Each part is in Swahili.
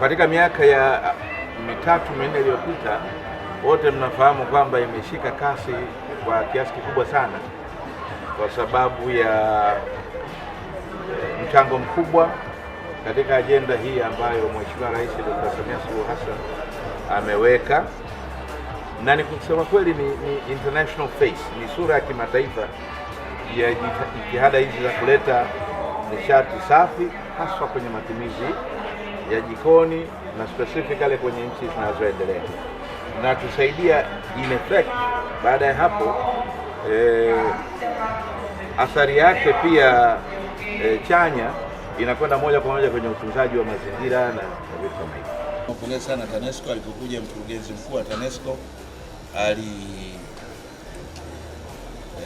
katika miaka ya uh, mitatu minne iliyopita, wote mnafahamu kwamba imeshika kasi kwa kiasi kikubwa sana kwa sababu ya uh, mchango mkubwa katika ajenda hii ambayo Mheshimiwa Rais Dr. Samia Suluhu Hassan ameweka, na ni kusema kweli ni, ni international face, ni sura ya kimataifa ya jitihada hizi za kuleta nishati safi haswa kwenye matumizi ya jikoni na specifically kwenye nchi zinazoendelea na tusaidia in effect. Baada ya hapo e, athari yake pia e, chanya inakwenda moja kwa moja kwenye utunzaji wa mazingira na vitu kama hivyo. Napongeza sana TANESCO. Alipokuja mkurugenzi mkuu wa TANESCO ali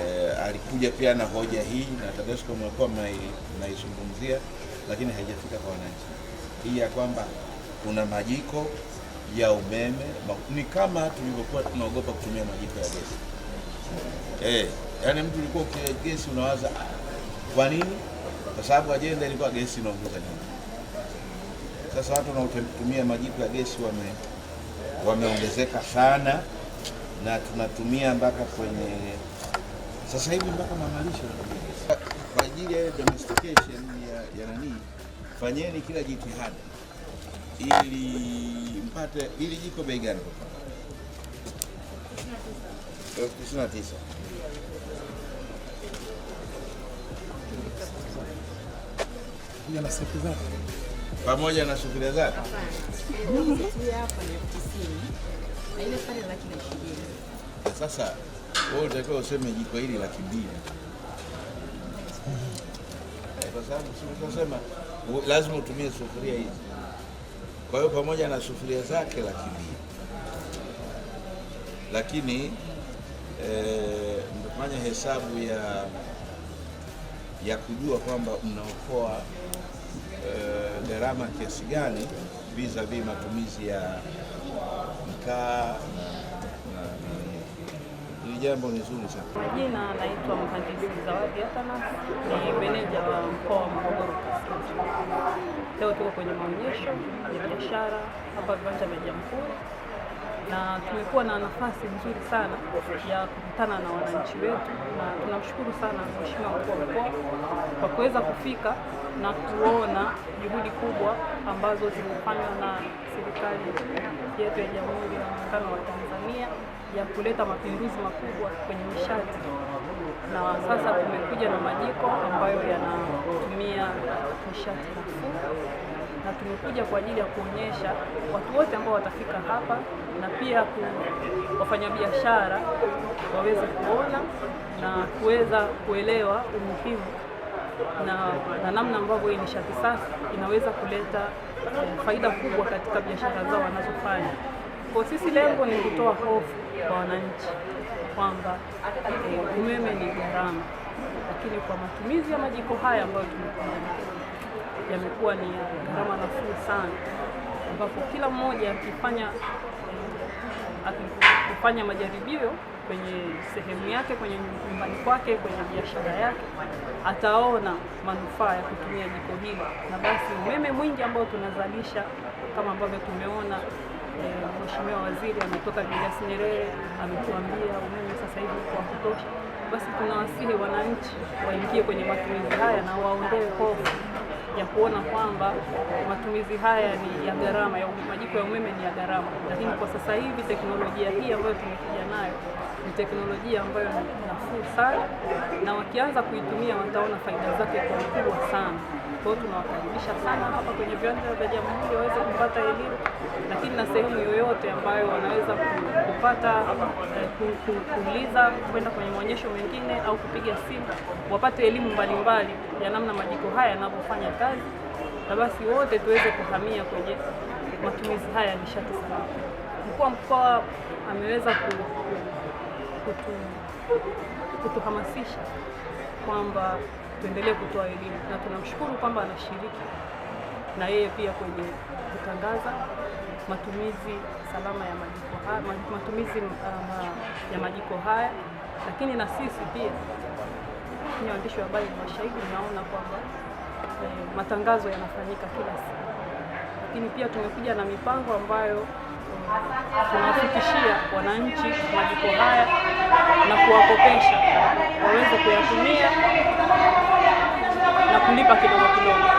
eh, alikuja pia na hoja hii, na TANESCO mmekuwa mnaizungumzia, lakini haijafika kwa wananchi hii ya kwamba kuna majiko ya umeme ni kama tulivyokuwa tunaogopa kutumia majiko ya gesi. Eh, yani mtu ulikuwa ukila gesi unawaza kwa nini? Kwa sababu ajenda ilikuwa gesi inaongeza nini Sasa watu wanaotumia majiko ya gesi wame wameongezeka sana, na tunatumia mpaka kwenye sasa hivi mpaka mamalisho kwa ajili ya domestication ya, ya nani fanyeni kila jitihada ili mpate ili jiko bei gani? elfu tisini na tisa pamoja na sufuria zake sasa wewe utakiwa useme jiko hili laki mbili, mhm. eh, kwa sababu lazima utumie sufuria hizi. Kwa hiyo pamoja na sufuria zake laki mbili, lakini eh, hesabu ya ya kujua kwamba mnaokoa eh, kiasi gani vis-a-vis matumizi ya mkaa jambo ni zuri sana. Kwa jina naitwa Mhandisi Zawadi hasana ni meneja wa mkoa wa Morogoro Kaskazini. Leo tuko kwenye maonyesho ya biashara hapa viwanja vya Jamhuri na tumekuwa na nafasi nzuri sana ya kukutana na wananchi wetu, na tunamshukuru sana Mheshimiwa mkuu wa mkoa kwa kuweza kufika na kuona juhudi kubwa ambazo zimefanywa na serikali yetu ya Jamhuri ya Muungano wa Tanzania ya kuleta mapinduzi makubwa kwenye nishati, na sasa tumekuja na majiko ambayo yanatumia nishati nafuu na tumekuja kwa ajili ya kuonyesha watu wote ambao watafika hapa na pia wafanyabiashara waweze kuona na kuweza kuelewa umuhimu na, na namna ambavyo hii nishati safi inaweza kuleta eh, faida kubwa katika biashara zao wanazofanya. Kwa sisi lengo ni kutoa hofu kwa wananchi kwamba eh, umeme ni gharama, lakini kwa matumizi ya majiko haya ambayo tumekuwa yamekuwa ni gharama nafuu sana, ambapo kila mmoja akifanya akifanya majaribio kwenye sehemu yake, kwenye nyumbani kwake, kwenye biashara yake, ataona manufaa ya kutumia jiko hili, na basi umeme mwingi ambao tunazalisha kama ambavyo tumeona eh, Mheshimiwa Waziri ametoka Julius Nyerere ametuambia umeme sasa hivi uko wa kutosha. Basi tunawasihi wananchi waingie kwenye matumizi haya na waondoe hofu ya kuona kwamba matumizi haya ni ya gharama ya majiko ya umeme ni ya gharama, lakini kwa sasa hivi teknolojia hii ambayo tumekuja nayo ni teknolojia ambayo ni nafuu sana, na wakianza kuitumia wataona faida zake kwa kubwa sana. Kwa hiyo tunawakaribisha sana hapa kwenye viwanja vya Jamhuri waweze kupata elimu, lakini na sehemu yoyote ambayo wanaweza kupata eh, kuuliza, kwenda kwenye maonyesho mengine au kupiga simu, wapate elimu mbalimbali ya namna majiko haya yanavyofanya kazi, na basi wote tuweze kuhamia kwenye matumizi haya ya nishati safi. Mkuu wa mkoa ameweza kutu, kutu, kutuhamasisha kwamba tuendelee kutoa elimu na tunamshukuru kwamba anashiriki na yeye pia kwenye kutangaza matumizi salama ya majiko haya, matumizi ama, ah, ya majiko haya, lakini na sisi pia ni waandishi wa habari mashahidi, naona kwamba matangazo yanafanyika kila siku, lakini pia tumekuja na mipango ambayo eh, tunawafikishia wananchi majiko haya na kuwakopesha waweze kuyatumia na kulipa kidogo kidogo.